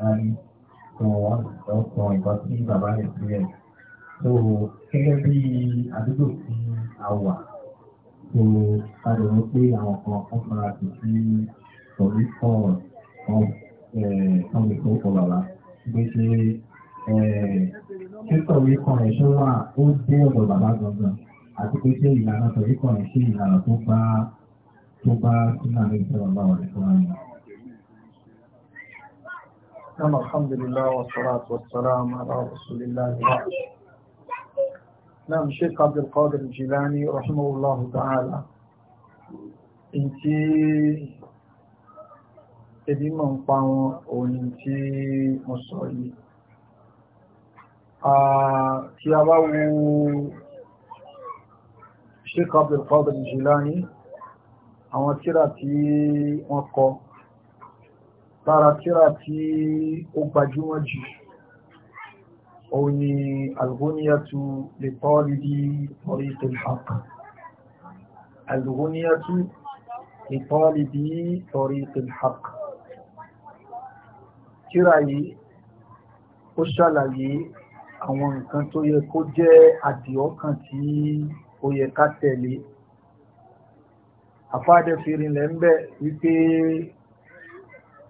sáré tó wọ́n sọ nǹkan tí bàbá rẹ̀ sílẹ̀. So gẹ́gẹ́ bí àdúgbò tí a wà tó a lè rò pé àwọn kan kan fara sí sí sọ̀rí kan kan lè tó kọ bàbá. Gbé ṣe ṣé sọ̀rí kan rẹ̀ ṣó wà ó dé ọ̀dọ̀ bàbá gangan àti pé ṣé ìlànà sọ̀rí kan rẹ̀ ṣe ìlànà tó bá tó bá sínú àlejò ọ̀la ọ̀rẹ́ tó wà nínú. نعم الحمد لله والصلاة والسلام على رسول الله نعم شيخ عبد القادر الجيلاني رحمه الله تعالى انت ebi mọ̀ ń pa wọn òní tí mo sọ yìí tí a bá wo Sheikh Abdul àwọn tíra tí wọ́n kọ́ lára tíra tí ó gbajúmọ̀ jù òun ni alhóníyàtú lè tọ́rí bí orí ìtìlhaq alhóníyàtú lè tọ́rí bí orí ìtìlhaq tíra yìí ó ṣàlàyé àwọn nǹkan tó yẹ kó jẹ́ àdìọ́kàn tí ó yẹ ká tẹ̀lé àfáàdẹ́fìrin ń bẹ̀ wípé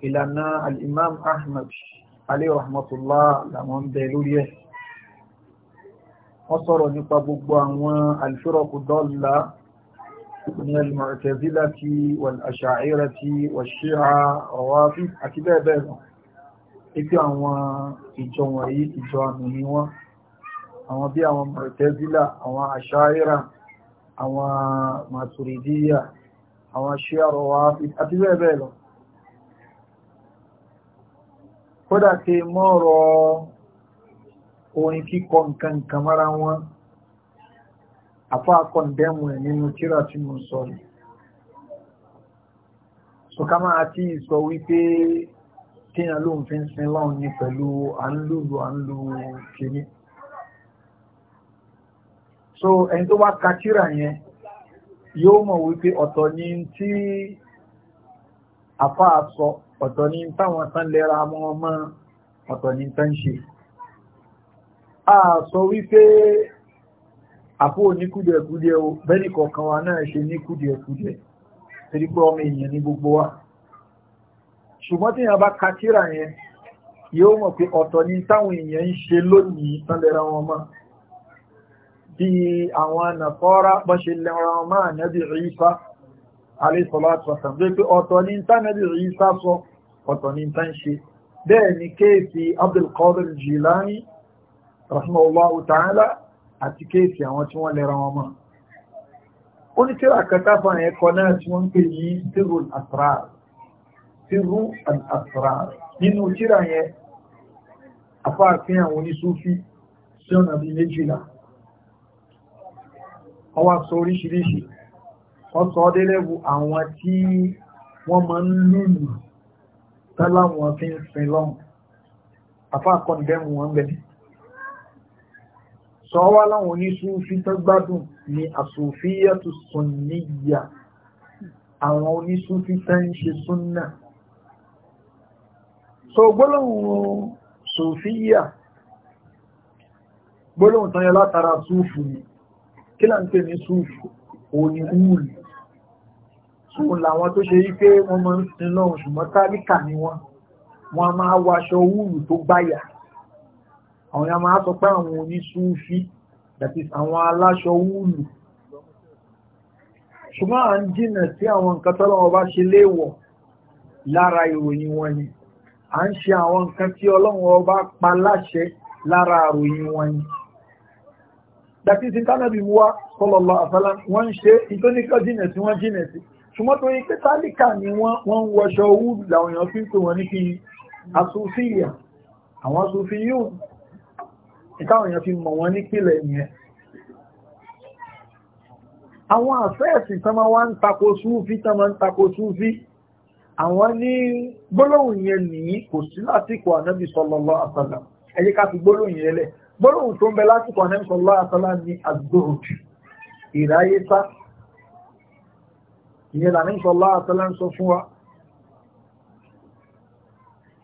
ìlànà al-imam ahmed alayhi rahmatullah làwọn bẹ lórí ẹ̀ wọ́n sọ̀rọ̀ nípa gbogbo àwọn al-firaqu dalla من المعتزلة والأشاعرة والشيعة روافض àti bẹ́ẹ̀ bẹ́ẹ̀ lọ ipi àwọn ìjọ wọ̀nyí ìjọ àmì ni wọ́n àwọn bí àwọn mọ̀tẹ́zílà àwọn àṣáírà àwọn màtùrìdíyà àwọn ṣíàrọ̀wà àti bẹ́ẹ̀ bẹ́ẹ̀ lọ kódà kí mọ́rọ̀ orin kíkọ nǹkan nǹkan mara wọn afọ́ akọ̀ndẹ́mù ẹ̀ nínú tíra tí mo sọ yìí so ká máa tí sọ wípé kíyàn ló ń fi ń sin lọ́hùn ní pẹ̀lú à ń lùlù kìíní so ẹni tó bá ka tíra yẹn yóò mọ̀ wípé ọ̀tọ̀ ni tí afọ́ àsọ ọ̀tọ̀ ni táwọn tán lẹ́ra mọ́ ọmọ ọ̀tọ̀ ni tán ṣe a sọ wípé àpò ní o bẹ́ẹ̀ni kọ̀ọ̀kan wa náà ṣe ní kùdìẹ̀kùdìẹ̀ torí pé ọmọ èèyàn ní gbogbo wa ṣùgbọ́n tí yàn bá ka tírà yẹn yóò mọ̀ pé ọ̀tọ̀ ni táwọn èèyàn ń ṣe lónìí tán lẹ́ra wọn mọ́ bí àwọn nàfọ́rá bọ́n ṣe lẹ́ra wọn mọ́ ànábì Ìsá aléṣọ́látọ̀sán ló pé ọ̀tọ̀ ní tánàbí Ìsá sọ ọ̀tọ̀ ní tán ṣe bẹ́ẹ̀ ni kéèsì Abdulkadir Jilani rahimahullahu ta'ala àti kéèsì àwọn tí wọ́n lẹ́ra wọn mọ́ ó ní tíra kẹta fún ẹ̀kọ́ náà tí wọ́n ń pè ní tíru al-asrar tíru nínú tíra yẹn afáàfin àwọn oníṣúfí sí ọ̀nà bíi méjìlá wọ́n sọ oríṣiríṣi ọsọ ọdẹ́lẹ́wù àwọn tí wọ́n máa ń lùlù tọ́láwọn fi ń sin lọ́n afá kọ́ndẹ́mù wọn bẹ̀rẹ̀ sọ wá láwọn oníṣúfí tó gbádùn ni àsòfíyà tó sùn níyà àwọn oníṣúfí tó ń ṣe súnnà so gbólóhùn sòfíyà gbólóhùn tán yẹ látara súfù ni kí là ní súfù òní wúlì ṣùgbọ́n làwọn tó ṣe rí pé wọ́n máa ń sin lọ́run ṣùgbọ́n táríkà ni wọ́n wọ́n a máa waṣọ wúlù tó gbáyà àwọn ya máa sọ pé àwọn oníṣúfí that is àwọn aláṣọ wúlù ṣùgbọ́n à ń jìnà sí àwọn nǹkan tọ́lọ́ wọn bá ṣe léèwọ̀ lára ìròyìn wọn ni à ń ṣe àwọn nǹkan tí ọlọ́run ọba pa láṣẹ lára ìròyìn wọn ni dàtí sí tánàbí wá sọlọlọ àfàlà wọ́n ń ṣe ìtóníkà jìnà sí wọ́n jìnà sí ṣùgbọ́n tó yí pé tálíkà ni wọ́n ń wọṣọ owó làwọn èèyàn fi ń pè wọ́n ní kí asòfíyà àwọn asòfíyùn ìtàwọn èèyàn fi mọ̀ wọ́n nípìnlẹ̀ yẹn àwọn àfẹ́ẹ̀sì tán máa wá ń tako súnfí tán máa ń tako súnfí àwọn ní gbólóhùn yẹn nìyí kò sí lásìkò ànábì sọlọlọ àfàlà ẹ ká fi gbólóhùn yẹn lẹ̀ gbólóhùn tó ń bẹ lásìkò anẹ́sọ̀lá àtàlá ní agbóhùjù ìráyé sá ìyẹn lànẹ́sọ̀lá àtàlá ń sọ fún wa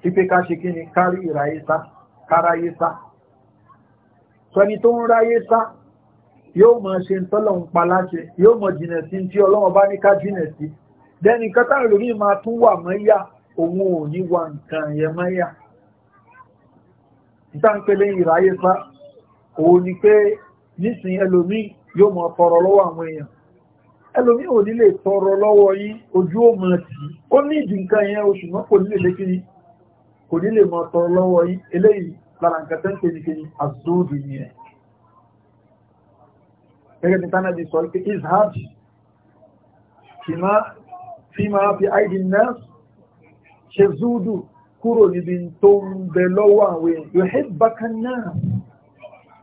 ipe ká ṣe kí ni kárí ìráyé sá káráyé sá sọni tó ń ráyé sá yóò mọ̀ ṣe ń tọ́lọ̀ ń pa láṣẹ yóò mọ̀ jìnà sí tí ọlọ́wọ́ bá ní ká jìnà sí dẹ́ni kátàlórí máa tún wà mọ́ òun ò ní wa nǹkan yẹn mọ́ ìtànkẹ́lẹ́ ìráyé sá òun ni pé nísìn ẹlòmí yóò mọ̀ tọrọ lọ́wọ́ àwọn èèyàn ẹlòmí ò nílè tọrọ lọ́wọ́ yín ojú ò mọ̀ tí ó ní ìdí nǹkan yẹn oṣù náà kò nílè lékiri kò nílè mọ̀ tọrọ lọ́wọ́ yín eléyìí lára nǹkan tẹ́ ń pè nìkan ní azóòdù yẹn gẹ́gẹ́ bí tánàbí sọ pé ishab fi máa fi àìdí náà ṣe zúdù kúrò níbi tó ń bẹ lọ́wọ́ àwọn èèyàn yóò hẹ́ bákan náà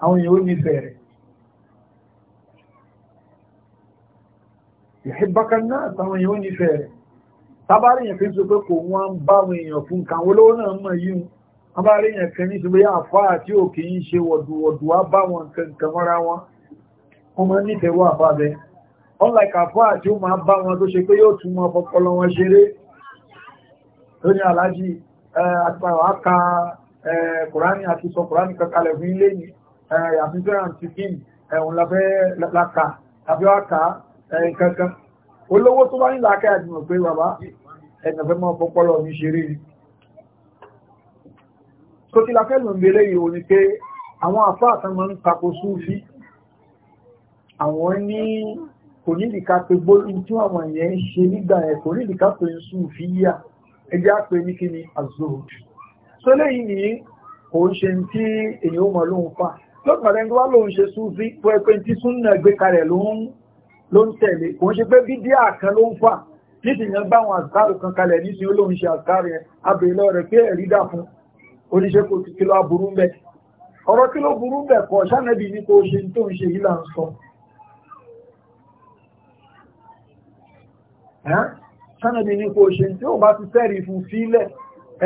àwọn èèyàn ó nífẹ̀ẹ́ rẹ̀ yóò hẹ́ bákan náà táwọn èèyàn ó nífẹ̀ẹ́ rẹ̀ tábàárì yẹn fi ń sọ pé kò wọ́n ń bá àwọn èèyàn fún nǹkan wọn lówó náà mọ̀ yín tábàárì yẹn kan ní ṣùgbọ́n yà fà á tí ò kì í ṣe wọ̀dùwọ̀dù á bá wọn kankan mọ́ra wọn wọ́n máa nífẹ̀ẹ́ wọ́n àfà bẹ́ẹ̀ unlike àfà tí ó máa bá wọn tó ṣe pé yóò tún wọn fọpọlọ wọn ṣeré lónìí aláàjì àtìpàwọ̀ aka kùránì àti sọ kùránì kankalẹ̀ fún ilé yìí àfihàn àti fíìmù ẹ̀hùn láka àbí aka olówó tó bá ní làákà àdìmọ̀ pé bàbá ẹ̀nà mọ́ pọ́pọ́lọ̀ mi ṣeré ni tó ti la fẹ́ lò ń gbélé yìí òní pé àwọn àfá àtàmọ́ ń tako súnfí àwọn ní kò nídìí ká pé gbóyún tí àwọn èèyàn ń ṣe nígbà ẹ̀ kò nídìí ká pé ń súnfí yíyà ẹjẹ́ àpè ní kí ni azohud so léyìn ní kò ń ṣe tí èyàn mọ̀ ló ń fa lọ́pàá tó wá ló ń ṣe súnfí fún ẹgbẹ́ tí súnnà gbé kalẹ̀ ló ń tẹ̀lé kò ń ṣe pé bídíà kan ló ń fà nítìyàn bá àwọn àzkárù kan kalẹ̀ nísìn ó ló ṣe àzkárù yẹn abèlọ rẹ̀ pé ẹ̀rí dà fún oníṣẹ́ kò ti kílọ̀ aburú ń bẹ̀ ọ̀rọ̀ kí ló burú bẹ̀ kọ́ sánẹ́bì ní kò ṣe tó ń ṣe yìí là ń sọ tánàbí ní kò ṣe tí ó bá ti fẹ́rí fún fílẹ̀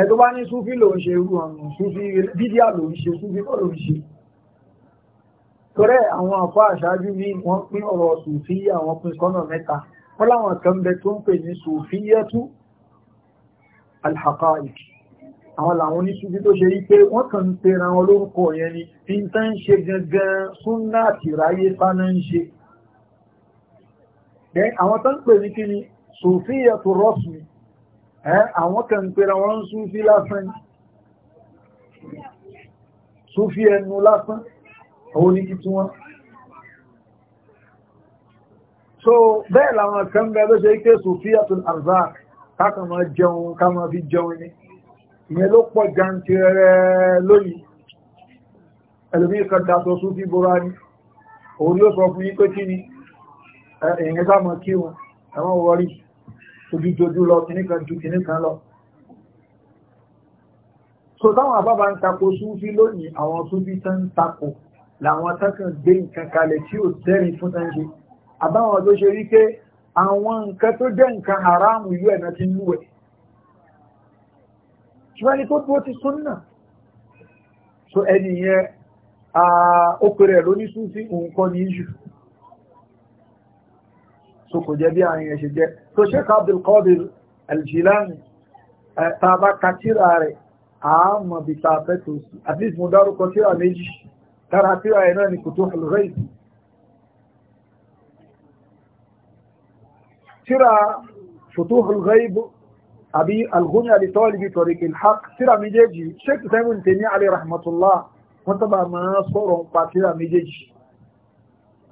ẹ̀tọ́ bá ní súnfí ló ń ṣe irú ọ̀nà súnfí bídíà ló ń ṣe súnfí kọ́ ló ń ṣe torẹ́ àwọn àfọ́ àṣáájú ní wọ́n pín ọ̀rọ̀ sùfíyà wọ́n pín sọ́nà mẹ́ta wọ́n láwọn kan bẹ tó ń pè ní sùfíyàtú alhaqaiq àwọn làwọn oníṣúbí tó ṣe wípé wọ́n kàn ń pera wọn lórúkọ yẹn ni ìta ń ṣe gangan súnná àtìráyé fáná ń ṣe àwọn tó ń pè ní kíni sùfíyà tó rọ́sùn àwọn kan pèrà wọ́n súfí lásán súfí ẹnu lásán àwọn oníkí tí so bẹ́ẹ̀ làwọn kan bẹ́ẹ̀ ló ṣe ike sùfíyà tó arzak kákàmọ́ jẹun kámọ́ fi jẹun ni ìyẹn ló pọ̀ jantirẹrẹ lónìí ẹlòmí kan dàtọ̀ súfí bóra òun ló sọ fún yí pé kí ni èèyàn sá mọ́ kí wọn ẹ̀wọ̀n wọrí ojújojú lọ kìníkan ju kìníkan lọ so táwọn àbábá ń tako súnfí lónìí àwọn súnfí tó ń tako làwọn tákàn gbé nǹkan kalẹ̀ tí ò tẹ́rin fún tán ṣe àbáwọn tó ṣe rí pé àwọn nǹkan tó jẹ́ nǹkan haramu ìlú ẹ̀nà ti lú ẹ̀ ṣùgbọ́n ni tó dúró ti súnnà so ẹni yẹn ó pèrè lóní súnfí òun kọ́ ní ìṣù so kò jẹ́ bí àárín ẹ̀ ṣe jẹ́ so Sheikh Abdul Qadir Al-Jilani tá a bá ka tíra rẹ̀ àmọ́ bí tá a fẹ́ tó sí at least mo dárúkọ tíra méjì tára tíra ẹ̀ náà ni Futuhul Ghaib tíra Futuhul Ghaib àbí Al-Ghunya li Talibi Tariqil Haqq tíra méjèèjì Sheikh Ibn Taymiyyah alayhi rahmatullah wọ́n tábà máa sọ̀rọ̀ pa tíra méjèèjì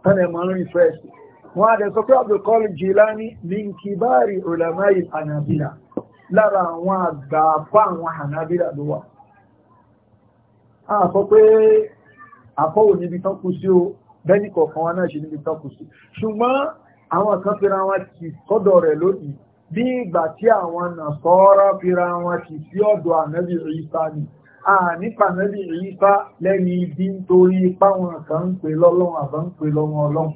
tánẹ̀ máa ń rìn fẹ́ẹ̀sì wọ́n á dẹ̀ sọ pé Abdulkadir Jilani min kibari ulamai hanabila lára àwọn àgbà àpá àwọn hanabila ló wà a sọ pé àpọ́wò níbi tán kú sí o bẹ́ẹ̀ni kọ̀ọ̀kan wa náà ṣe níbi tán kú sí ṣùgbọ́n àwọn kan fira wọn ti sọ́dọ̀ rẹ̀ lónìí bí ìgbà tí àwọn nàṣọ́rọ̀ fira wọn ti sí ọ̀dọ̀ ànábì Ìsá ni a nípa ànábì Ìsá lẹ́ni ibi nítorí ipá wọn kan ń pè lọ́lọ́run àbá ń pè lọ́wọ́ ọlọ́run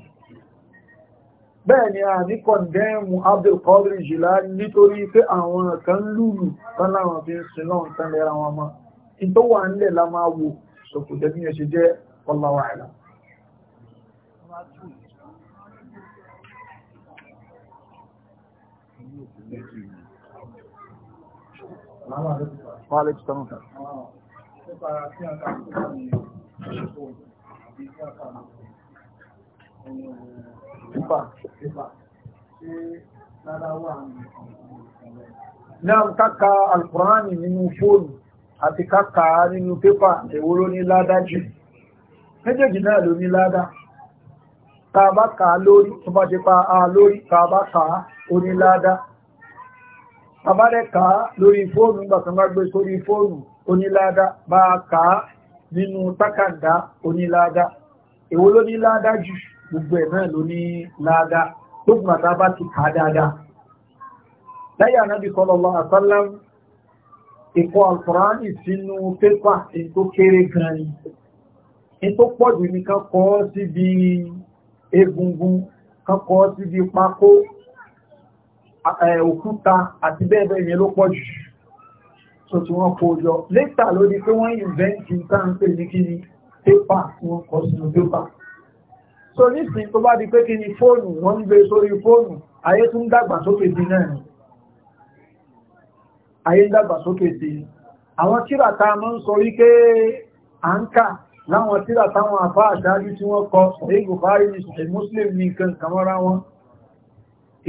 bẹ́ẹ̀ ni a ní kọ̀ndẹ́mù Abdulkadir Jilani nítorí pé àwọn kan lùlù kan láwọn fi ń sin náà ń tán lẹ́ra wọn mọ́ in tó wà nílẹ̀ la máa wò sọ̀kò jẹ́ bí yẹn jẹ́ ọláwà àìlà Thank you pípà. Náà káka alkùránì nínú fóònù àti káka nínú pépà èwo ló ní ládá jù. Méjèèjì náà ló ní ládá. Tàbá kàá lórí, tó bá jẹ́ pa a lórí, tàbá kàá ó ní ládá àbárẹ́ kàá lórí fóònù gbàtàmà gbé sórí fóònù oníláadá bá kàá nínú tákàndá oníláadá èwo ló níláadá jù gbogbo ẹ̀ náà ló ní láàdá tó gbà tá bá ti kà dáadáa lẹ́yìn ànábì sallallahu alaihi wasallam ìkọ́ alkùránì sínú pépà èyí tó kéré gan ni èyí tó pọ̀ jù ní kan kọ́ síbi egungun kan kọ́ síbi pákó òkúta àti bẹ́ẹ̀ bẹ́ẹ̀ yẹn ló pọ̀ jù tó tí wọ́n kó jọ létà ló di pé wọ́n invent nǹkan pè ní kíni pépà tí wọ́n kọ́ sínú pépà so nísìn tó bá di pé kí ni fóònù wọ́n ń gbé sórí fóònù ayé tún dàgbà sókè sí náà ayé ń dàgbà sókè sí àwọn tíra ta mọ́ ń sọ wípé à ń kà láwọn tíra táwọn àfá àṣáájú tí wọ́n kọ sọ̀rọ̀ Bukhari ní sọ̀rọ̀ Muslim ní nǹkan kàmọ́ra wọn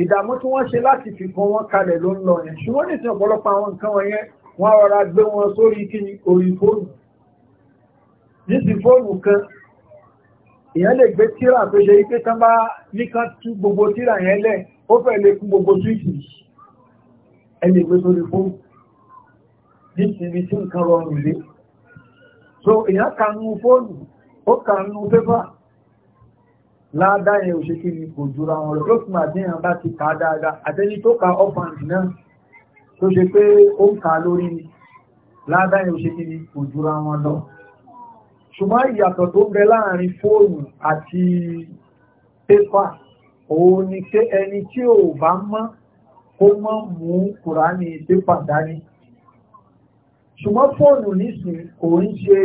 ìdààmú tí wọ́n ṣe láti fi kan wọ́n kalẹ̀ ló ń lọ yẹn ṣùgbọ́n ní ìsìn ọ̀pọ̀lọpọ̀ àwọn nǹkan wọn yẹn wọ́n rọra gbé wọn sórí kí ni orí fóònù nísìn fóònù kan èèyàn lè gbé tíra tó ṣe wípé tán bá níkan tú gbogbo tíra yẹn lẹ̀ ó fẹ́ lè kún gbogbo túwìtì ẹ lè sórí fún ní ibi tí nǹkan rọrùn lé so èèyàn kà nú fóònù ó kà pépà láàdá yẹn ni kò jura wọn lọ lókùn àdéhàn bá ti kà á dáadáa àtẹni tó ka ọ́fàǹdì náà tó ṣe pé ó ń kà lórí láàdá yẹn ò ni kò jura wọn lọ ṣùgbọ́n ìyàtọ̀ tó ń bẹ láàrin fóònù àti pépà òun ni pé ẹni tí ò bá mọ́ kó mọ́ mú kùránì pépà dání ṣùgbọ́n fóònù nísìn kò ń ṣe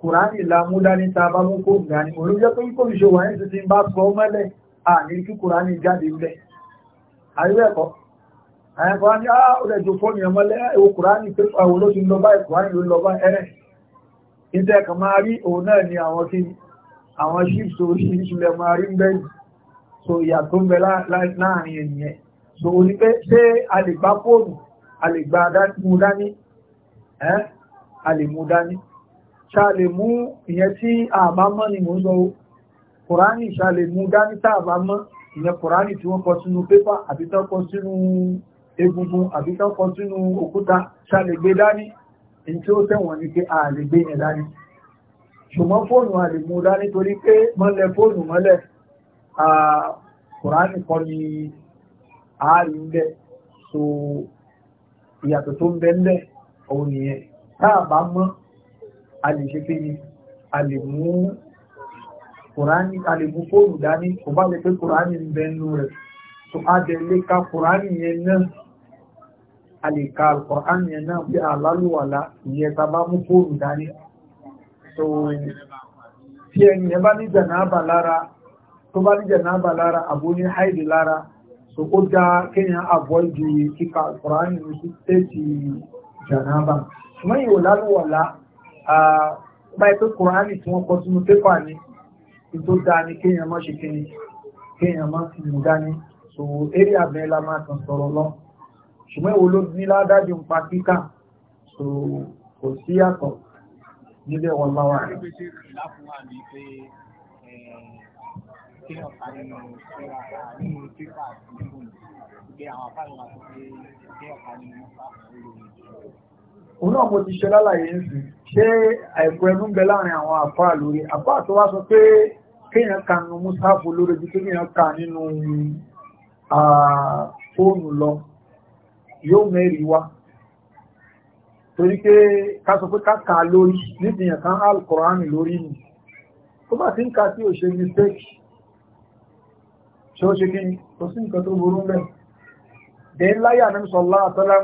kùránì lámúdání tá a bá mú fóònù dání òun jẹ́ pé kò ń ṣe wàá ẹ̀sìn tí ń bá sọ mọ́lẹ̀ àní kí kùránì jáde ńlẹ̀ àríwẹ̀kọ́ àyẹ̀kọ́ á ní á ah, ó fóònù yẹn mọ́lẹ̀ ẹ̀wọ̀ kùránì pépà wo ló ti lọ báyìí kùránì ló lọ báyìí ẹ̀rẹ̀ ìtẹ́ kan máa rí òun náà ni àwọn kí àwọn ships oríṣiríṣi lẹ máa rí ń bẹ́ so ìyà tó ń bẹ láàrin ènìyàn so o ní pé ṣé a lè gbá fóònù a lè gba mú dání ẹ́ a lè mú dání ṣá lè mú ìyẹn tí àbá mọ́ ni mò ń sọ o kùránì ṣá lè mú dání tá àbá mọ́ ìyẹn kùránì tí wọ́n kọ sínú pépà àbí kọ sínú egungun àbí kọ sínú òkúta ṣá gbé dání ní tí ó tẹ̀wọ̀n ní pé a lè gbé yẹn dání ṣùgbọ́n fóònù a lè mú dání torí pé mọ́lẹ̀ fóònù mọ́lẹ̀ kùránì kọ́ ni ààrí ń bẹ́ so ìyàtọ̀ tó ń bẹ́ ń bẹ́ táà bá mọ́ a lè ṣe pé a lè mú kùránì a lè mú fóònù dání kò bá lè pé kùránì ń bẹ́ rẹ̀ so a dẹ̀ lè ka kùránì yẹn náà a lè ka Al-Qur'an yẹn náà bí àlálùwàlá ìyẹn ta mú fóònù dání so tí ẹni yẹn bá ní jẹ̀nàbà lára tó bá ní jẹ̀nàbà lára àbó ní haidi lára so ó dá kéèyàn avoid kíka Al-Qur'an ní stéètì jẹ̀nàbà ṣùgbọ́n ìwò lálùwàlá báyìí pé Kùránì tí wọ́n kọ sínú pépà ní tó dáa ní so eré abẹ́ la máa kàn ṣùgbọ́n ìwò ló ní ládájú ń pa kíkà so kò sí yàtọ̀ nílé wọn bá wà eh, rẹ̀. Òun náà mo ti ṣe lálàyé ń sìn, ṣé àìkú ẹnu ń bẹ láàrin àwọn àfáà lórí, àfáà tó wá sọ pé kéèyàn ka nínú mùsáàfù lórí ju kéèyàn ka nínú ah, fóònù lọ yóò mẹ́rin wá torí pé kásọ pé káka lórí nídìyàn kan alkùránì lórí ni tó bá ti ń ka tí ò ṣe mistake ṣe ó ṣe kí ni kò sí nǹkan tó burú mẹ́ dẹ̀ ń láyà ní sọ̀lá àtọ́lá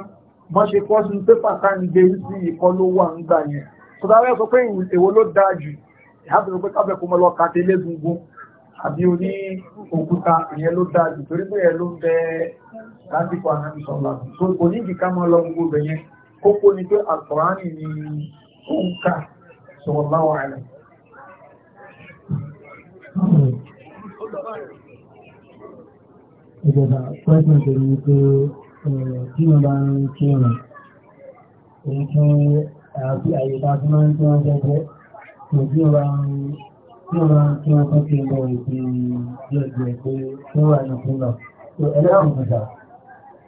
mọ́ ṣe pọ́ sí pépà ká ń gbé sí ìkọ́ ló wà ń gbà yẹn tó bá rẹ́ sọ pé èwo ló dáa jù ìhábẹ̀rẹ̀ pé kábẹ̀ kó mọ́ lọ ka tẹ́lẹ̀ gungun àbí oní òkúta ìyẹn ló dáa jù torí pé ẹ̀ ló ń bẹ́ẹ̀ lásìkò ànábì sọ̀lá tó kò ní ìdíkà mọ́ lọ gbogbo bẹ̀ yẹn kókó ni pé àkùránì ni ó ń kà sọ̀rọ̀ láwọn àlẹ́. Ìjọba pẹ́sìn tó ní pé tí wọ́n bá ń kí wọn, èyí tí àbí àyè bá tí wọ́n ń kí wọ́n jẹ́jẹ́, kò tí wọ́n bá ń kí wọ́n kí wọ́n tó kí ń ìpín díẹ̀díẹ̀ pé tó wà ní fún lọ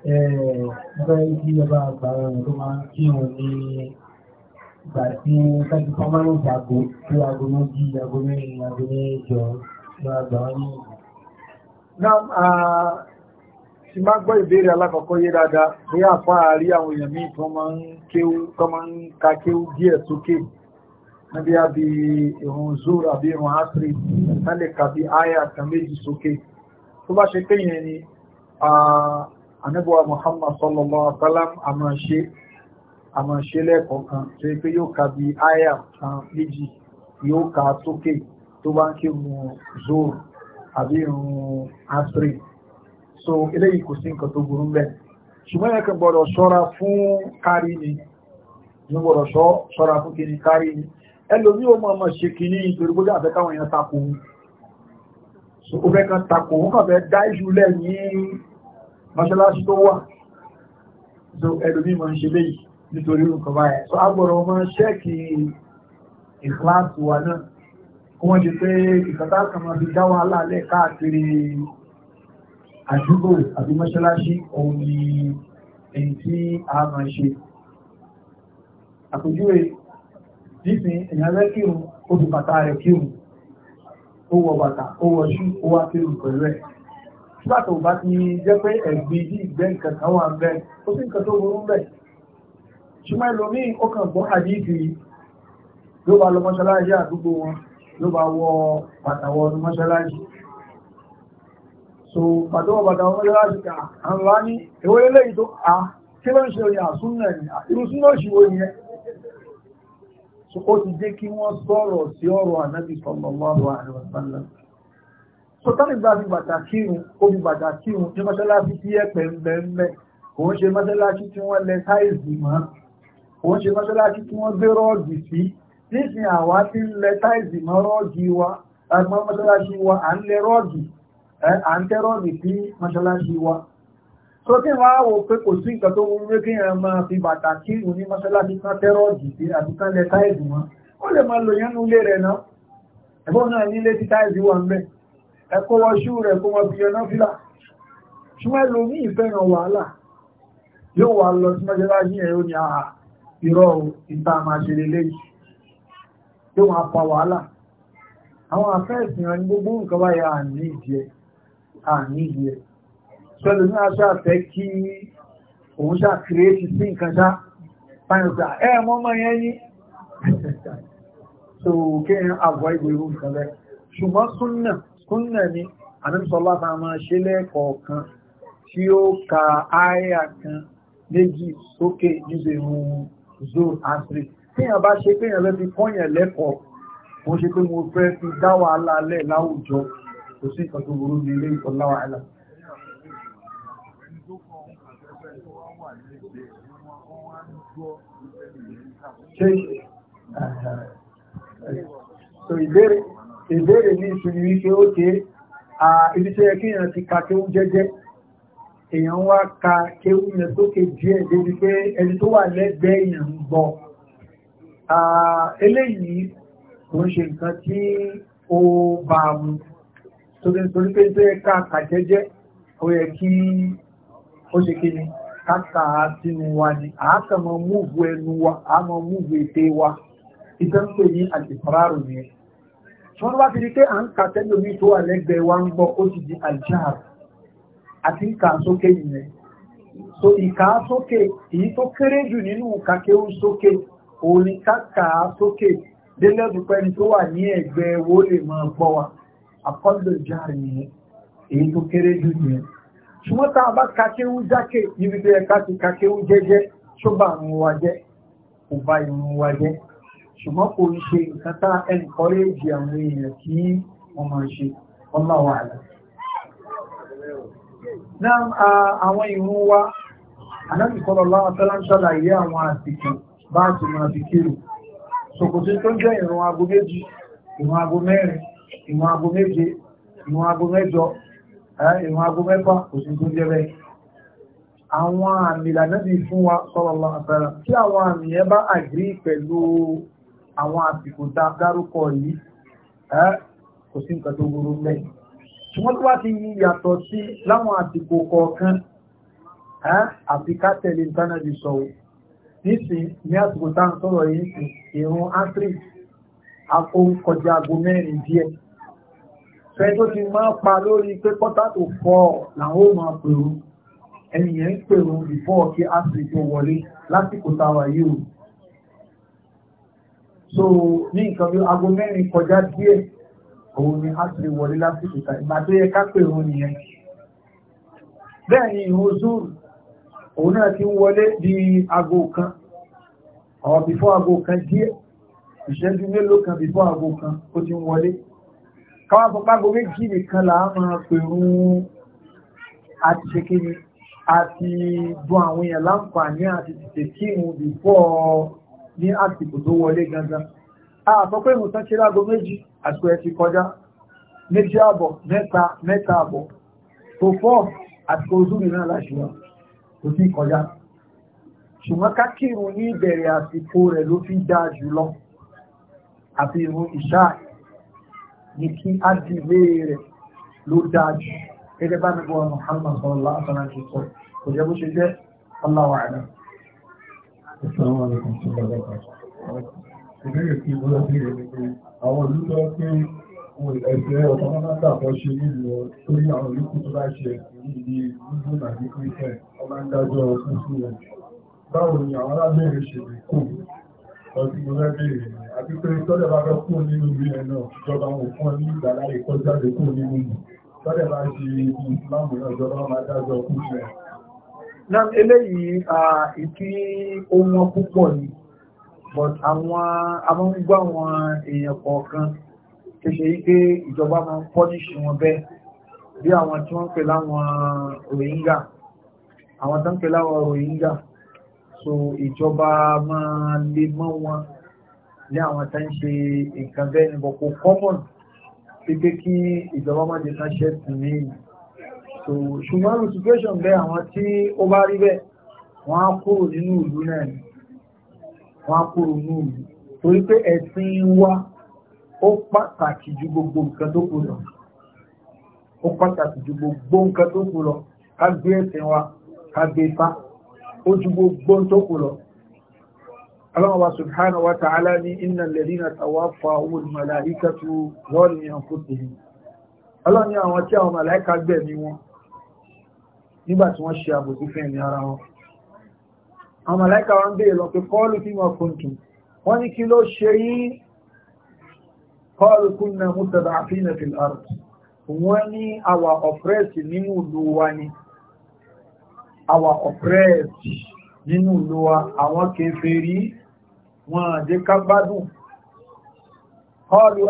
ẹ̀ẹ́ tí ọba àgbàrà rẹ̀ tó máa ń kí wọn ní ìgbà tí tẹ́jú kan máa ń jàgbó tí aago méjì aago mẹ́rin aago mẹ́jọ lọ àgbà wọn ní ìlú. náà ti máa gbọ́ ìbéèrè alákọ̀ọ́kọ́ yé dáadáa ní àfá àárí àwọn èèyàn míì tó máa ń kéwú tó máa ń ka kéwú díẹ̀ sókè níbi àbí ìrùn zoro àbí ìrùn asiri tán lè kà bí aya kan méjì sókè tó bá ṣe pé anábọ̀wà Muhammad sallallahu alaihi wasallam a máa ṣe lẹ́ẹ̀kọ̀ọ̀kan tó yẹ pé yóò ka bí aya kan méjì yóò ka sókè tó bá ń kírun zoro àbí irun asiri so eléyìí kò sí nǹkan tó burú bẹ́ẹ̀ ṣùgbọ́n yẹn kan gbọ́dọ̀ ṣọ́ra fún kárí ni ní gbọ́dọ̀ ṣọ́ra fún kíní kárí ni ẹlòmí o máa ṣe kíní nítorí bójá àfẹ́ káwọn èèyàn takò ó fẹ́ kan takò ó kàn fẹ́ dá ìṣúlẹ̀ ní mọ́ṣáláṣí tó wà so ẹlòmí mọ̀ ń ṣe léyìí nítorí nǹkan báyìí so agbọ̀rọ̀ ọmọ ṣẹ́ẹ̀kì ìkíláàsì wa náà kí wọ́n ti pé ìkàtà kan máa fi dá wàhálà lẹ̀ káàkiri àdúgbò àbí mọ́ṣáláṣí òun ni èyí tí a máa ṣe àpèjúwe nísìn èèyàn fẹ́ kírun látò bá ti jẹ́ pé ẹ̀gbìn yìí gbẹ́ nǹkan kan wà bẹ́ẹ̀ ó sì nǹkan tó burú bẹ́ẹ̀ ṣùgbọ́n ẹlòmíì ó kàn gbọ́ àdídì ló bá lọ mọ́ṣáláṣí àdúgbò wọn ló bá wọ pàtàwọ̀ ọdún mọ́ṣáláṣí so pàtàwọ̀ pàtàwọ̀ mọ́ṣáláṣí kà án wá ní ewé eléyìí tó a kí ló ń ṣe oyin àsúnà ni irúsúnà òṣìwò yẹn so ó ti jẹ́ kí wọ́n sọ̀rọ̀ sí ọ̀rọ̀ ànábì sallallahu alaihi wasallam sọtánì gba fi bàtà kírun ó fi bàtà kírun ní mọ́ṣáláṣí tí ẹ̀pẹ̀ ń bẹ ń bẹ òun ṣe mọ́ṣáláṣí tí wọ́n lẹ táìsì mọ́ òun ṣe mọ́ṣáláṣí tí wọ́n gbé rọ́ọ̀gì sí nísìnyí àwa ti ń lẹ táìsì mọ́ rọ́ọ̀gì wa ẹ̀mọ́ mọ́ṣáláṣí wa à ń lẹ rọ́ọ̀gì à ń tẹ́ rọ́ọ̀gì sí mọ́ṣáláṣí wa tó tí wọ́n á wò pé kò sí nǹkan tó wúlé kí ẹ̀ máa fi bàtà kírun ní mọ́ṣáláṣí kan tẹ́ rọ́ọ̀gì sí ẹ̀kọ́ wọ ṣú rẹ̀ kó wọ́n bíyẹn náà fílà ṣúwẹ́ ló ní ìfẹ́ràn wàhálà yóò wà lọ sí mọ́jọ́lá ní ẹ̀rọ ní àhà ìrọ̀ ìta máa ṣe lè léyìí yóò máa pa wàhálà àwọn afẹ́ẹ̀sìn rẹ̀ ní gbogbo nǹkan báyà àní ìdíẹ̀ so kéèyàn àbọ̀ ìgbèrú nǹkan bẹ́ẹ̀ ṣùgbọ́n súnnà súnnà ni àníṣọ́lá ta máa ṣe lẹ́ẹ̀kọ̀ọ̀kan tí ó ka àyà kan méjì sókè níbi ohun zoo asiri tíyàn bá ṣe pé yàn lẹ́bi kọ́yàn lẹ́kọ̀ọ́ mo ṣe pé mo fẹ́ fi dá wàhálà lẹ̀ láwùjọ kò sí nǹkan tó burú ní ilé ìkọlá wàhálà ṣe ìbéèrè ìbéèrè ní ìsinmi wípé ó ké ibi tó yẹ kí èèyàn ti ka kéwú jẹ́jẹ́ èèyàn wá ka kéwú yẹn sókè díẹ̀ débi pé ẹni tó wà lẹ́gbẹ̀ẹ́ èèyàn ń gbọ́ eléyìí kò ń ṣe nǹkan tí ó bá mu torí torí pé tó yẹ ká kà jẹ́jẹ́ ó yẹ kí ó ṣe kí ni káka sínú wa ni àákà múùbù ẹnu wa àmọ múùbù ète wa ìtàn ní àtìfárárò yẹn tí wọ́n bá ti rí pé à ń kà tẹ́lẹ̀ omi tó wà lẹ́gbẹ̀ẹ́ wa ń gbọ́ ó ti di aljar àti ìkà sókè yìnyẹn so ìkà sókè èyí tó kéré jù nínú kàkéhùn sókè òun ni káka sókè délẹ́dùpẹ́ ni tó wà ní ẹ̀gbẹ́ wo lè máa gbọ́ wa àkọ́lù járe yẹn èyí tó kéré jù yẹn ṣùgbọ́n tá a bá kàkéhùn jákè níbi tó yẹ ká ti kàkéhùn jẹ́jẹ́ ṣó bá àrùn wa jẹ́ kò bá ìrùn wa jẹ́ ṣùgbọ́n kò ń ṣe nǹkan tá ẹnkọ́rẹ́jì àwọn èèyàn tí wọ́n máa ṣe ọmọ wà lọ. náà àwọn ìrun wa anábìkọlọlá ọ̀tọ́láńṣọ́lá ìyá àwọn àsìkò bá ti máa fi kírù ṣòkòtí tó jẹ́ ìrun aago méjì ìrun aago mẹ́rin ìrun aago méje ìrun aago mẹ́jọ ìrun aago mẹ́fà òsì tó jẹ́ bẹ́ẹ̀ àwọn àmì ìlànà bí fún wa sọ́lọ́lá àtàrà tí àwọn àmì ẹ bá àgírí pẹ̀lú àwọn àsìkò tá a dárúkọ yìí kò sí nǹkan tó burú mẹ́. ṣùgbọ́n tó bá ti yí yàtọ̀ sí láwọn àsìkò kọ̀ọ̀kan àfi ká tẹ̀lé ìtànàbì sọ̀wọ́ nísìn ní àsìkò tá à ń sọ̀rọ̀ yìí sí ìrún áńtírì akó kọjá aago mẹ́rin díẹ̀. fẹ́ tó ti máa pa lórí pé pọ́tà tó fọ́ làwọn ò máa pèrò ẹnìyẹn ń pèrò ìfọ́ kí wọlé lásìkò táwa yìí so ní nǹkan bí aago mẹ́rin kọjá díẹ̀ òun ni a ti wọlé lásìkò ìta ìgbà tó yẹ ká pè òun nìyẹn bẹ́ẹ̀ ni ìhun zuru òun náà ti ń wọlé di aago kan ọ̀ bífọ́ aago kan díẹ̀ ìṣẹ́jú mélòó kan bífọ́ aago kan ó ti ń wọlé káwá pàpágo méjì nìkan là á máa pèrún àti ṣe àti dun àwọn èèyàn láǹfààní àti tètè kírun bífọ́ aago ní àsìkò tó wọlé gangan àtọ́ pé mo tán kílágo méjì àsìkò ẹ̀ ti kọjá méjì àbọ̀ mẹ́ta mẹ́ta àbọ̀ tó fọ́ àsìkò zúmi náà láṣìwọ́ kò sí kọjá ṣùgbọ́n ká kírun ní ìbẹ̀rẹ̀ àsìkò rẹ̀ ló fi dáa jù lọ àfi irun ìṣá ní kí á di ilé rẹ̀ ló dáa jù gẹ́gẹ́ bá mi bọ́ Muhammad sallallahu alaihi wa sallam kò jẹ́ bó ṣe jẹ́ Allahu a'lam. Ìsànwó àrẹ̀kùn sí ọjọ́ àwọn ìlú tó pé ẹ̀sẹ̀ ọ̀tọ́mọ́látà fọ́ ṣe nílùú torí àwọn ìlú tó bá ṣe ìdí gúgùn àti kírísẹ̀ ọmọ ń dájọ́ ọkùn sí rẹ̀. Báwo ni àwọn alábẹ̀rẹ̀ ṣe lè kò ọdí mo fẹ́ bèèrè àti pé tọ́lẹ̀ bá fẹ́ kúrò nínú ilé ẹ̀ náà ìjọba wọn fún ọ ní ìgbà láyé kọjá lè kúrò nínú ìlú. Tọ́lẹ̀ bá ṣe ibi ìsìláàmù náà ìjọba máa dájọ́ ọkùn náà eléyìí ìtí ohun púpọ̀ ni but àwọn amóhúngbà àwọn èèyàn kọ̀ọ̀kan kéṣe wípé ìjọba máa ń pọ́níṣì wọn bẹ́ẹ̀ bí àwọn tí wọ́n ń pè láwọn Rohingya àwọn tó ń pè láwọn Rohingya so ìjọba máa lè mọ́ wọn ní àwọn tó ń ṣe nǹkan bẹ́ẹ̀ ni bọ̀ kò common pípé kí ìjọba máa lè kan tì ní ìlú so ṣùgbọ́n ní situation bẹ́ẹ̀ àwọn tí ó bá rí bẹ́ẹ̀ wọ́n á kúrò nínú ìlú náà ni wọ́n á kúrò nínú ìlú torí pé ẹ̀sìn wa ó pàtàkì ju gbogbo nǹkan tó kù lọ ó pàtàkì ju gbogbo nǹkan tó kù lọ ká gbé ẹ̀sìn wa ká gbé fa ó ju gbogbo tó kù lọ. Allah subhanahu wa ta'ala ni innal ladhina tawaffahumul malaikatu zalimi anfusihim. Allah ni àwọn tí àwọn màláìka gbẹ̀mí wọn nígbà tí wọ́n ṣe àbòsí fún ẹ̀mí ara wọn àwọn màláìka wọn béèrè lọ pé kọ́ọ̀lù kí wọ́n kùntù wọ́n ní kí ló ṣe yí kọ́ọ̀lù kúnnà mùsàdà àfihàn fil ard wọ́n ní àwà ọ̀pẹ́ẹ̀sì nínú ìlú wa ni àwà ọ̀pẹ́ẹ̀sì nínú ìlú wa àwọn kèfèrí wọn àjẹ́ ká gbádùn kọ́ọ̀lù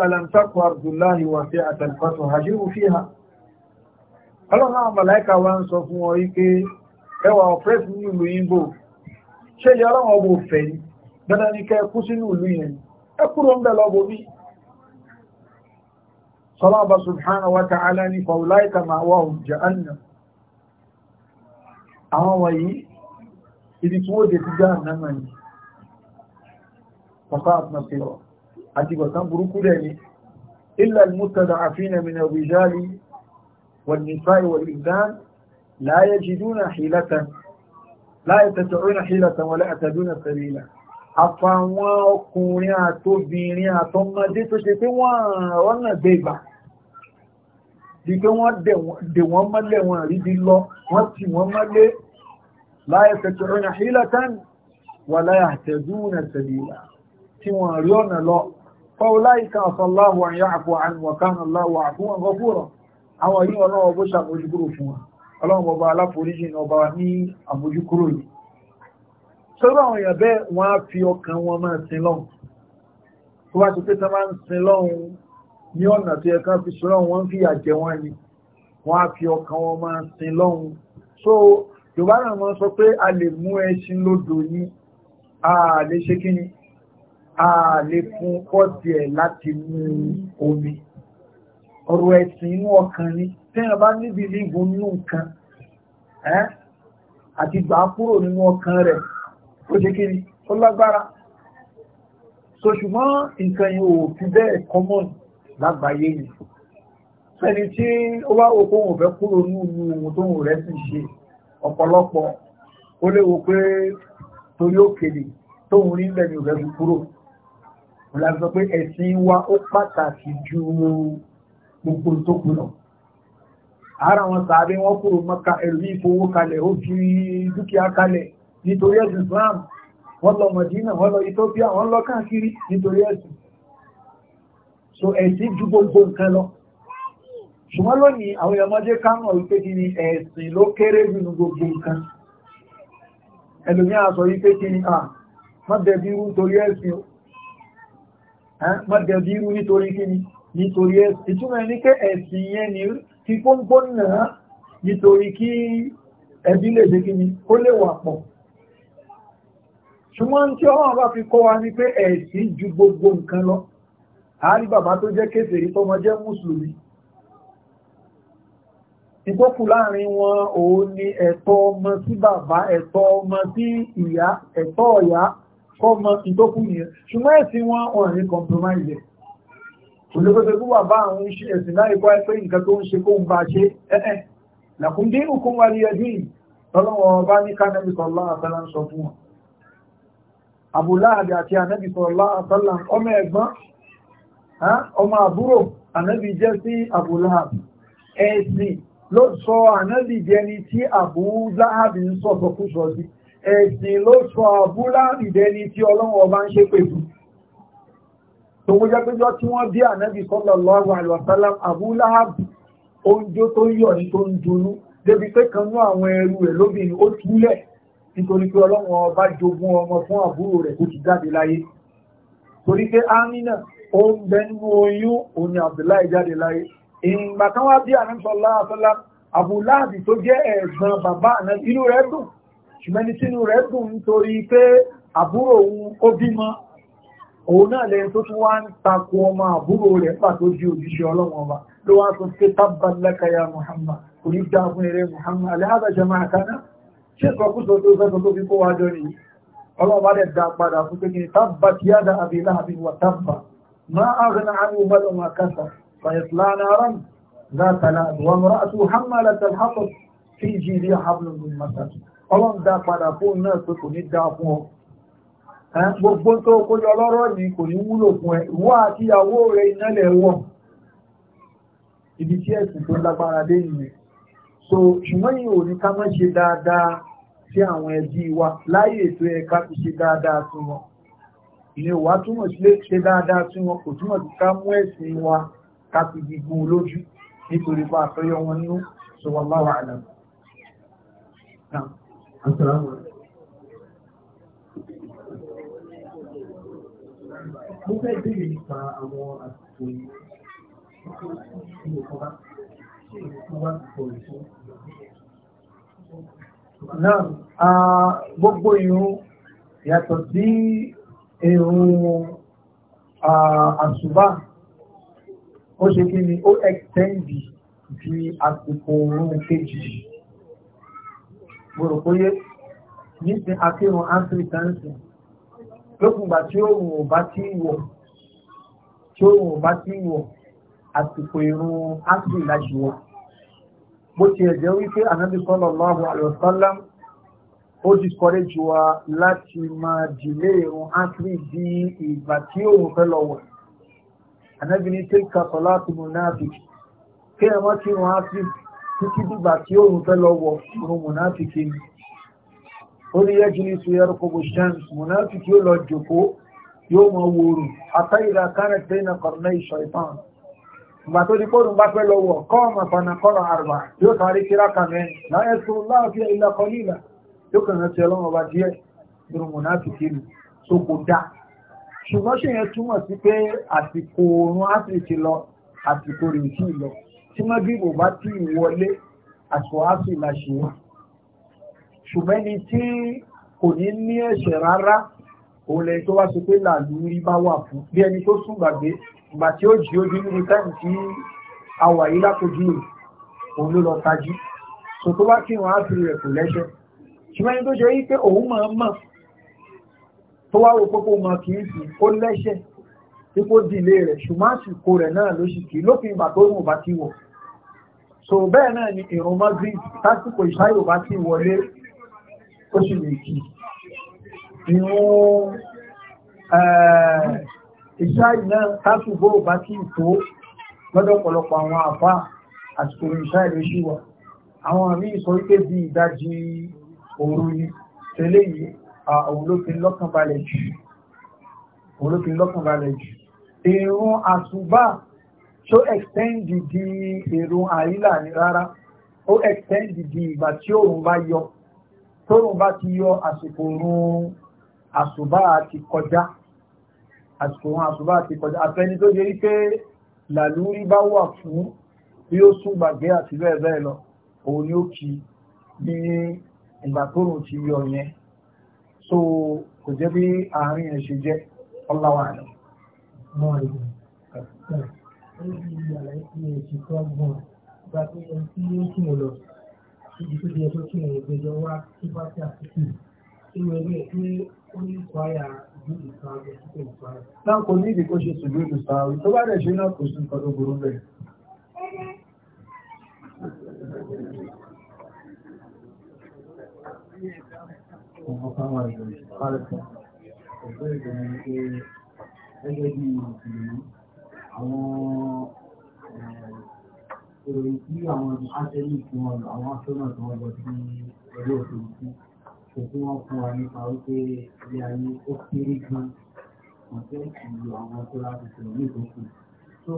abdullahi wà sí àtàlùfàtọ̀ hajjiru fíha ọlọ́run àwọn màláìka wa ń sọ fún wọn wípé ẹwà ọ̀pẹ́sì ní ìlú yìnbó ṣe yẹ ọlọ́run ọgbọ̀ fẹ̀ ní dandan ní kẹ́ kú sínú ìlú yẹn ẹ kúrò ń bẹ̀ lọ́bọ̀ bí sọlọ́ọ̀bà subhanahu wa ta'ala ní fàwùláìka máa wà òjò ànà àwọn wọ̀nyí ibi tí wọ́n dé ti já àná mà ní pàpá àtúnṣe àti gbọ̀tán burúkú dẹ̀ ní ilẹ̀ mùtàdà والنساء والإبدان لا يجدون حيلة لا يتسعون حيلة ولا يتدون سبيلا àfàwọn ọkùnrin àtòbìnrin àtọmọdé tó ṣe pé wọ́n rọ́nà gbé ìgbà di pé wọ́n dè wọ́n mọ́lẹ̀ wọn àrídí lọ wọ́n tì wọ́n mọ́lẹ̀ láyé tẹ̀tẹ̀rọ̀nà hílátán wà láyé àtẹ̀dúnà tẹ̀lélà tí wọ́n rí ọ̀nà lọ fọ́ọ̀láìka ọ̀sán láwọ̀ àyà àwọn ọ̀kan láwọ̀ àfúwọn gọ́fúrọ̀ àwọn yí ọlọ́wọ́ bó ṣàmójúkúrò fún wa ọlọ́wọ́ ọba aláforíjì ní ọba ní àmójúkúrò yìí sọ́rọ̀ àwọn èèyàn bẹ́ẹ̀ wọ́n á fi ọkàn wọn máa sin lọ́hùn tó bá ti pé tán máa ń sin lọ́hùn ní ọ̀nà tó yẹ kán fi sin lọ́hùn ń fìyà jẹ wọ́n ni wọ́n á fi ọkàn wọn máa sin lọ́hùn so yorùbá náà máa sọ pé a lè mú ẹṣin lódò yìí a lè ṣe kíni a lè fún pọ́ọ̀tì ẹ̀ láti mú omi ọ̀rọ̀ ẹ̀sìn inú ọkàn ni tẹ́yàn bá níbi níbu nínú nǹkan àti gbà kúrò nínú ọkàn rẹ̀ ó ṣe kí ni ó lágbára so ṣùgbọ́n nǹkan yìí ò fi bẹ́ẹ̀ common lágbàáyé ni sẹ́ni tí ó bá wo kóhùn fẹ́ kúrò nínú ohun tó hùn rẹ̀ sì ṣe ọ̀pọ̀lọpọ̀ ó léwo pé torí òkèlè tóhun rí bẹ́ẹ̀ ni ò fẹ́ fi kúrò mo láti sọ pé ẹ̀sìn wa ó pàtàkì ju gbogbo tó kú ara wọn sàábé wọn kúrò mọ́ka ẹ̀rí ìfowó kalẹ̀ ó fi dúkìá kalẹ̀ nítorí ẹ̀sìn Islam wọ́n lọ Mọ̀dínà wọ́n lọ Ethiopia wọ́n lọ káàkiri nítorí ẹ̀sìn so ẹ̀sìn ju gbogbo nǹkan lọ ṣùgbọ́n lónìí àwọn ọmọdé kánà wípé kí ni ẹ̀sìn ló kéré nínú gbogbo nǹkan ẹlòmí àṣọ wípé kí ni à mọ́dẹ̀bí irú nítorí ẹ̀sìn o mọ́dẹ̀bí irú nítorí kí ni nítorí ìtumọ̀ ní pé ẹ̀sìn yẹn ni ti pọ́npọ́n náà nítorí kí ẹbí lè ṣe kí ni ó lè wà pọ̀ ṣùgbọ́n tí ọmọ bá fi kọ́ wa ní pé ẹ̀sìn ju gbogbo nǹkan lọ àárí bàbá tó jẹ́ kéfèrí tọmọ jẹ́ mùsùlùmí ìtókù láàrin wọn òun ni ẹ̀tọ́ ọmọ sí bàbá ẹ̀tọ́ ọmọ sí ìyá ẹ̀tọ́ ọ̀yá kọ́mọ ìtókù nìyẹn ṣùgbọ́n ẹ̀sìn wọn ọ̀rìn compromise olùgbẹ́sẹ̀ tó wà bá àwọn iṣẹ́ ẹ̀sìn láì kọ́ ẹgbẹ́ nǹkan tó ń ṣe kó ń bá ṣe ẹ̀ẹ́ làkúndé òkun wa lè dín tọ́lọ́wọ́ bá ní kánẹ́bí sọ̀lá àtàlà ń sọ fún wọn àbúláàdì àti ànẹ́bí sọ̀lá àtàlà ọmọ ẹ̀gbọ́n ọmọ àbúrò ànẹ́bí jẹ́ sí àbúláàdì ẹ̀sìn ló sọ ànẹ́bí tó wọ́n jágbéjọ́ tí wọ́n bí ànábì sallallahu alaihi wasallam Abu Lahab oúnjẹ tó ń yọ̀ ní tó ń dunú débi pé kan ní àwọn ẹrú rẹ̀ lóbìnrin ó túlẹ̀ nítorí pé ọlọ́run ọba jogún ọmọ fún àbúrò rẹ̀ tó ti jáde láyé torí pé Amina ó ń bẹ nínú oyún òní Abdullahi jáde láyé ìgbà kan wá bí ànábì sallallahu alaihi Abu Lahab tó jẹ́ ẹ̀gbọ́n bàbá ànábì inú rẹ̀ dùn ṣùgbọ́n ní sínú rẹ̀ dùn nítorí pé àbúrò òun ó bímọ òun náà lẹ́yìn tó tún wá ń takò ọmọ àbúrò rẹ̀ nígbà tó di òjíṣẹ́ ọlọ́wọ́n ọba ló wá sọ pé tábàlákàyà Muhammad kò ní dá fún eré Muhammad aláhàbà jama àkànná ṣé ìsọkúsọ tó sọ tó fi kó wá jọ nìyí ọlọ́wọ́n bá dẹ̀ dá padà fún pé kí ni tábà tí á da àbí láàbí wà tábà má a rìn gbogbo tó kójọ lọ́rọ̀ ní kò ní wúlò fún ẹ wọ́n àti ìyàwó rẹ̀ ìnálẹ̀ wọ̀ ibi tí ẹ̀sìn tó lágbára dé nìyẹn so ṣùgbọ́n yìí ò ní ká má ṣe dáadáa sí àwọn ẹbí wa láyé ètò ẹ ká fi ṣe dáadáa sí wọn ìyẹn wà túmọ̀ sí ṣe dáadáa sí wọn kò túmọ̀ sí ká mú ẹ̀sìn wa ká fi gígùn lójú nítorí pé àfẹ́yọ́ wọn nínú sọ wọn bá wà mo fẹ́ béèrè nípa àwọn àsìkò yìí tí mo kọ́ bá ṣe ìrìnkú wá pọ̀ ìṣó. náà gbogbo irun yàtọ̀ sí irun àṣùbà ó ṣe kí ni ó ẹ̀kẹ́ǹdì ju àsìkò òun kejì mo rò pé nísìnyí akérò áfíríkà ń sìn lókùngbà tí òun ò bá tí wọ̀ tí òun ò bá tí wọ̀ àsìkò ìrun áṣì láti wọ̀ bó ti ẹ̀jẹ̀ wípé ànábì sallallahu alaihi wasallam ó discourage wa láti máa dìlé ìrun áṣì di ìgbà tí òun fẹ́ lọ wọ̀ ànábì ní tilka salatu munafiki kí ẹ wọ́n kí wọn áṣì títí dìgbà tí òun fẹ́ lọ wọ̀ ìrun munafiki ni orí yẹ́jìlì sí ẹrùkọ̀bù shams munafiki yóò lọ jòkó yóò mọ wòrò àtàyèrè kánà tẹ́nà kọ̀rọ̀nà ìṣọ̀ ìtàn ìgbà tó di kóòrùn bá fẹ́ lọ́wọ́ kọ́ọ̀mà fanakọ́rọ̀ àrùbà yóò sáré kíra kàmẹ́ láyé tó láàfin ilẹ̀ kọ́lílà yóò kàn ti ọlọ́run ọba díẹ̀ nínú munafiki nù tó kò dá ṣùgbọ́n ṣe yẹn túmọ̀ sí pé àsìkò oorun áfíríkì lọ àsìkò rèé lọ tí mọ́gìbò ṣùgbọ́n ẹni tí kò ní ní ẹ̀ṣẹ̀ rárá òun lẹ́yìn tó wá sí pé làlú rí bá wà fún bí ẹni tó sùn gbàgbé ìgbà tí ó jí ojú nínú táìmù tí a wà yí lápòjú rẹ̀ òun ló lọ tají so tó bá kí wọn á fi rẹ̀ kò lẹ́ṣẹ̀ ṣùgbọ́n tó ṣe wípé òun máa mọ̀ tó wá wo pópó mọ kì í sì ó lẹ́ṣẹ̀ tí kò dìlé rẹ̀ ṣùgbọ́n àsìkò rẹ̀ náà ló sì kì í lópin ìgbà tó rùn bá ti wọ̀ so bẹ́ẹ̀ náà ni ìrùn mọ́ green tásìkò ìṣáyò bá ti wọlé oṣù méjì ìwọ̀n ìṣáì eh, náà tásùgbò bá tí ìtò lọ́dọ̀ pọ̀lọpọ̀ àwọn àfá àsìkò ìṣáì ló ṣì wà àwọn àmì ìsọ wípé bí ìdájí òru ni tẹ́lẹ̀ yìí òun ló fi lọ́kàn balẹ̀ jù òun ló fi lọ́kàn balẹ̀ jù ìrun àsùbá tó extend di ìrun àìlà ni rárá ó extend di ìgbà tí òun bá yọ tóun bá ti yọ àsìkò òun àsùbá ti kọjá àsìkò òun àsùbá ti kọjá àfẹni tó ṣe wípé làlúrí bá wà fún bí ó sún àti bẹ́ẹ̀ bẹ́ẹ̀ lọ òun ni ó kì ní ìgbà tóun ti yọ yẹn so kò jẹ́ bí àárín ẹ̀ ṣe jẹ́ ọláwà rẹ̀. Ó di àlàyé tí ẹ̀ ṣe tó ẹni tí ó kí mo lọ ibi tó jẹ́ pé kí n gbẹjọ wá tó bá ti àsìkò nínú ẹgbẹ́ pé ó ní ìpáyà ìlú ìsàwọ̀ àsìkò ìpáyà. náà kò ní ìdí kó ṣe sùn lórí ìsàwọ̀ tó bá dẹ̀ ṣe náà kò sí nǹkan tó burú bẹ́ẹ̀. Ọmọ fáwọn ìlú Pálẹ́tà, ẹgbẹ́ ìgbẹ̀rẹ̀ ní pé ẹgbẹ́ bí ìlú àwọn ìròyìn tí àwọn ájẹ́lì tí wọ́n lọ àwọn aṣọ́nà tí wọ́n lọ sí ẹgbẹ́ òfurufú kò tí wọ́n fún wa nípa wípé ilé ayé ó kéré gan ọ̀tẹ́ ìlú àwọn tó láti sọ̀rọ̀ ní ìdókù. so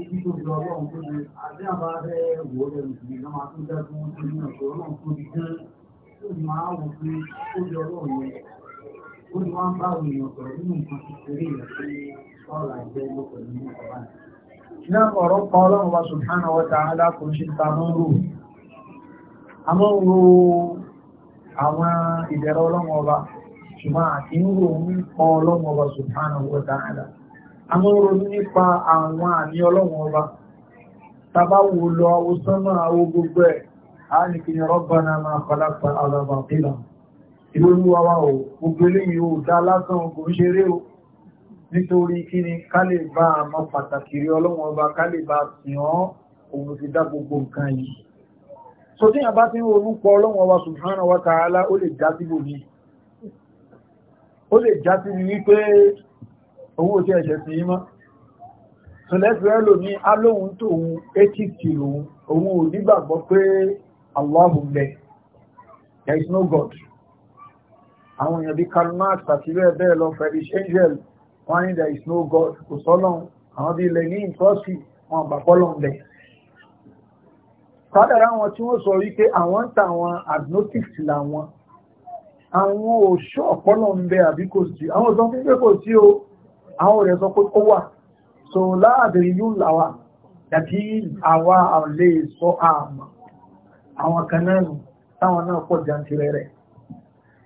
ibi tó fi ọlọ́run tó ní àbí àbá rẹ̀ wò ó lẹ́nu sí ìlú iná ọ̀rọ̀ pa ọlọ́run wa subhanahu wa ta'ala kò ṣe ta mọ́ rò a mọ́ ń ro àwọn ìbẹ̀rẹ̀ ọlọ́run ọba ṣùgbọ́n àti ń ro ń pa a mọ́ ń ro nípa àwọn àmì ọlọ́run ọba tàbá wo lọ gbogbo ẹ̀ a ní kí ni máa ìlú gbogbo eléyìí dá lásán ṣeré o nítorí kí ni ká lè bá àmọ́ pàtàkì rí ọlọ́run ọba ká lè bá sìn ọ́ òun ti dá gbogbo nǹkan yìí so tí àbá ti ń orúkọ ọlọ́run ọba subhanahu wa ta'ala ó lè já síbò ní ó lè já síbi wípé owó tí ẹ̀ṣẹ̀ sí mọ́ so lẹ́fẹ̀ẹ́ lò ní alóhun tóun ekiti lòun òun ò nígbàgbọ́ pé Allahu lẹ there is no God àwọn èèyàn bí karl marx àti bẹ́ẹ̀ bẹ́ẹ̀ lọ felix angel wọ́n ní there is no God kò sọ́lọ́run àwọn bí ilẹ̀ ní ìtọ́sí wọn àgbàpọ́lọ̀ ń bẹ̀. sádàrà àwọn tí wọ́n sọ wípé àwọn ń ta àwọn agnostics làwọn àwọn òṣù ọ̀pọ̀lọ̀ ń bẹ àbí kò sí àwọn òṣù fún pé kò sí o àwọn òrẹ̀ sọ pé ó wà so láàbẹ̀rẹ̀ yóò làwà dàbí àwa lè sọ àmà àwọn kan náà nù táwọn náà pọ̀ jàǹtìrẹrẹ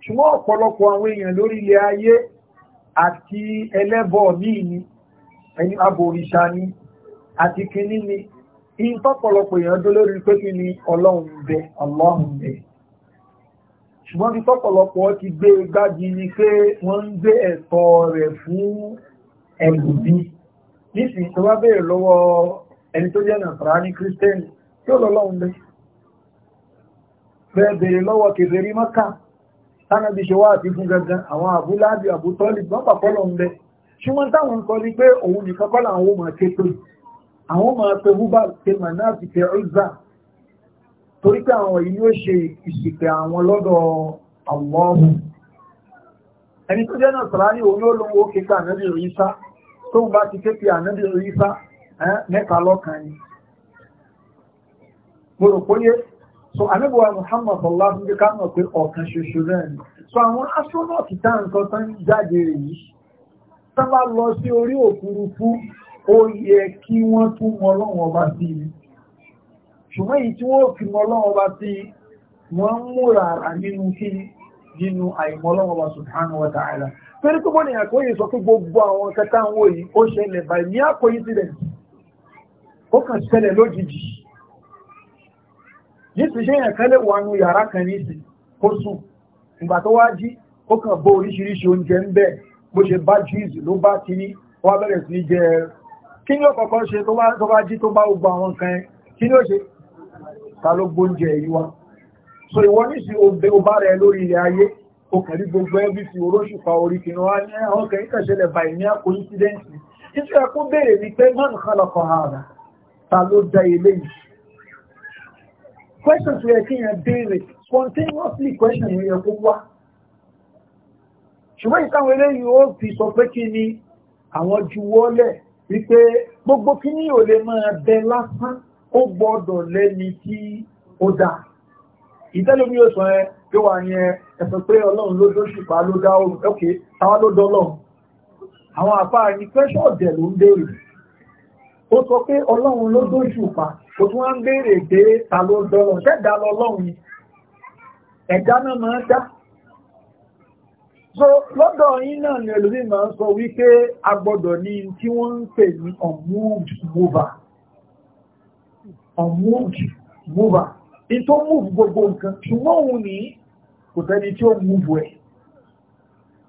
ṣùgbọ́n ọ̀pọ̀lọpọ̀ àwọn èèyàn lórí ilẹ̀ ayé àti ẹlẹ́bọ̀ míì ni ẹni abòrìṣà ni àti kìíní ni in tọ́pọ̀lọpọ̀ èèyàn dó lórí pé kí ni ọlọ́run bẹ ọlọ́run bẹ ṣùgbọ́n bí tọ́pọ̀lọpọ̀ ti gbé gbági ni pé wọ́n ń gbé ẹ̀tọ́ rẹ̀ fún ẹ̀lùbí nísìnyí tó bá béèrè lọ́wọ́ ẹni tó jẹ́ nàfàrà ní kírísítẹ́nì tí ó lọ́lọ́run bẹ bẹ́ẹ̀ lọ́wọ́ kèfèrí mọ́kà tánàbí ṣe wá àti fún gangan àwọn àbúláàbí àbútọ́lì gbọ́pà kọ́lọ̀ ń bẹ ṣùgbọ́n táwọn ń kọ́ ní pé òun nìkan kọ́lọ̀ àwọn ọmọ ké pé àwọn ọmọ pé húbà pé manáàtì pé ọ̀zà torí pé àwọn yìí yóò ṣe ìsìnkú àwọn lọ́dọ̀ àwọ̀ọ̀mù ẹni tó jẹ́ náà sọ̀rọ̀ ní òun ló lóun ó ànábì òyìnbá tó ń bá ti ké mo rò pé so anábọ̀wá Muhammad sallallahu alaihi wasallam ká mọ̀ pé ọ̀kan ṣoṣo rẹ̀ ni so àwọn astronaut tá nǹkan tán jáde yìí tá bá lọ sí orí òfurufú ó yẹ kí wọ́n tún mọ ọlọ́run ọba sí i ṣùgbọ́n èyí tí wọ́n fi mọ ọlọ́run ọba sí i wọ́n ń múra ara nínú kí nínú àìmọ̀ ọlọ́run ọba subhanahu wa ta'ala torí tó bọ́nìyàn kó yìí sọ pé gbogbo àwọn kẹta àwọn yìí ó ṣẹlẹ̀ báyìí ní àkóyí sílẹ̀ ó kàn ṣẹlẹ̀ lójijì nísì ṣe yẹn kẹ́lẹ̀ wà nù yàrá kan nísì kó sùn ìgbà tó wá jí ó kàn bó oríṣiríṣi oúnjẹ ń bẹ bó ṣe bá jíìsì ló bá ti ní wá bẹ̀rẹ̀ sí jẹ kí ni ó ṣe tó bá jí tó bá gbogbo àwọn kan kí ni ó ṣe ta ló gbóúnjẹ yìí wá so ìwọ nísì ó bá rẹ lórí ilẹ̀ ayé ó kẹ̀rí gbogbo ẹbí fi oróṣùpá orí kìnnà wá ní àwọn kẹ̀rí kẹ̀ṣẹ̀lẹ̀ báyìí ní àkóyísídẹ́ǹsì ìṣẹ́ questions we kí yẹn béèrè spontaneously question yẹn yẹ kó wá ṣùgbọ́n ìtàwọn eléyìí ó fi sọ pé kí ni àwọn juwọ́lẹ̀ wípé gbogbo kí ni ò lè máa bẹ lásán ó gbọ́dọ̀ lẹ́ni tí ó dà ìtẹ́lómi yóò sọ ẹ pé wà yẹn ẹ̀sọ̀ pé ọlọ́run ló dóṣùpá ló dá oòrùn ókè táwa ló dọ́lọ́run àwọn àfáà ní pẹ́ṣọ̀ ọ̀dẹ̀ ló ń béèrè ó sọ pé ọlọ́run ló dóṣùpá ó tún wá ń béèrè pé ta ló dọ́lọ̀ ṣẹ́dá lọ́lọ́run ni ẹ̀dá náà máa dá so lọ́dọ̀ yín náà ni ẹlòmíì máa ń sọ wípé a gbọ́dọ̀ ní tí wọ́n ń pè ní unmoved mover unmoved mover ní tó move gbogbo nǹkan ṣùgbọ́n òun ní kò sẹ́ni tí ó move ẹ̀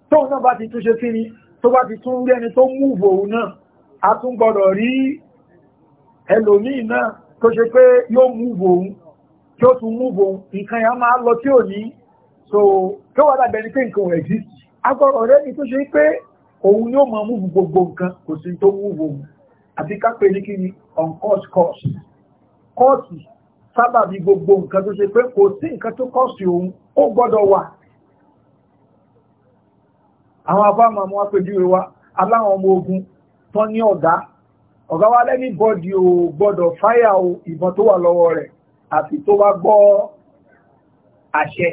tóun náà bá ti tún ṣe kíni tó bá ti tún rí ẹni tó move òun náà a tún gbọ́dọ̀ rí ẹlòmíì náà tó ṣe pé yóò múvò òun tí ó tún múvò òun nǹkan yẹn máa lọ tí ò ní so kí wọ́n dàbẹ̀ ní pé nǹkan ò exist agbọ́rọ̀ rẹ ni tó ṣe pé òun yóò máa múvò gbogbo nǹkan kò sí tó múvò òun àti ká pè ní kíni on cost cost kọ́ọ̀tì sábàbí gbogbo nǹkan tó ṣe pé kò sí nǹkan tó kọ́ọ̀sì òun ó gbọ́dọ̀ wà àwọn afáàmù àwọn apèjúwe wa aláwọn ọmọ ogun tán ní ọ̀gá ọ̀gá wa lẹ́ni bọ́dì ò gbọ́dọ̀ fáyà o ìbọn tó wà lọ́wọ́ rẹ̀ àti tó bá gbọ́ àṣẹ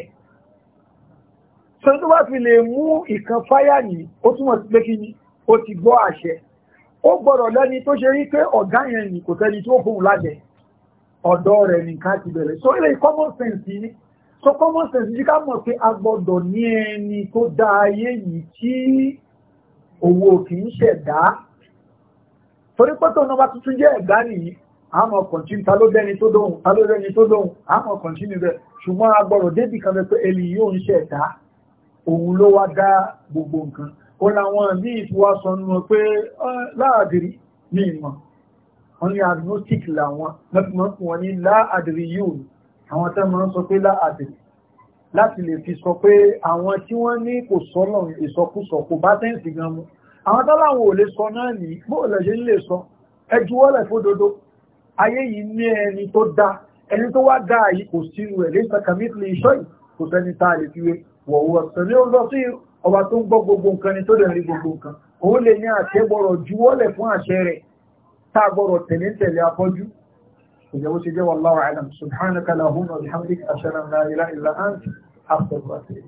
tó tó bá fi lè mú ìkan fáyà ní ó túnmọ̀ sí pé kí ni ó ti gbọ́ àṣẹ ó gbọ́dọ̀ lẹ́ni tó ṣe rí pé ọ̀gá yẹn ni kò tẹ́ni tó fóun lájẹ ọ̀dọ́ rẹ̀ nìkan ti bẹ̀rẹ̀ so ilé common sense ni so common sense yìí ká mọ̀ pé a gbọ́dọ̀ ní ẹni tó dá ayé yìí tí owó kì í ṣẹ̀dá torí pọ́tò náà bá tuntun jẹ́ ẹ̀gá nìyí àmọ́ kọ̀ntínú ta ló dẹni tó dóhùn ta ló dẹni tó dóhùn àmọ́ kọ̀ntínú rẹ̀ ṣùgbọ́n agbọ̀rọ̀ débì kan pé ẹni yóò ń ṣẹ̀dá òun ló wá dá gbogbo nǹkan ó láwọn ní ìfúwá sọnù wọn pé láàdìrí ní ìmọ̀ wọn ní agnostic làwọn mẹ́fìmọ́ fún wọn ní láàdìrí yóò àwọn tẹ́ mọ́ sọ pé láàdìrí láti lè fi sọ pé àwọn tí wọ́n ní kò sọ́lọ̀ ìsọkúsọ kò bá tẹ́ǹsì gan mu àwọn tọ́láwọn ò lè sọ náà ní bóòlẹ̀ ṣe ń lè sọ ẹjúwọ́lẹ̀ fódodo ayé yìí ní ẹni tó dá ẹni tó wá dá yìí kò sínú ẹ̀ lẹ́sẹ̀ kàmíkìlì iṣọ́ yìí kò sẹ́ni tá a lè fi wé wọ̀wọ̀ tẹ̀lé ọlọ́ sí ọba tó ń gbọ́ gbogbo nǹkan ni tó dẹ̀ rí gbogbo nǹkan òun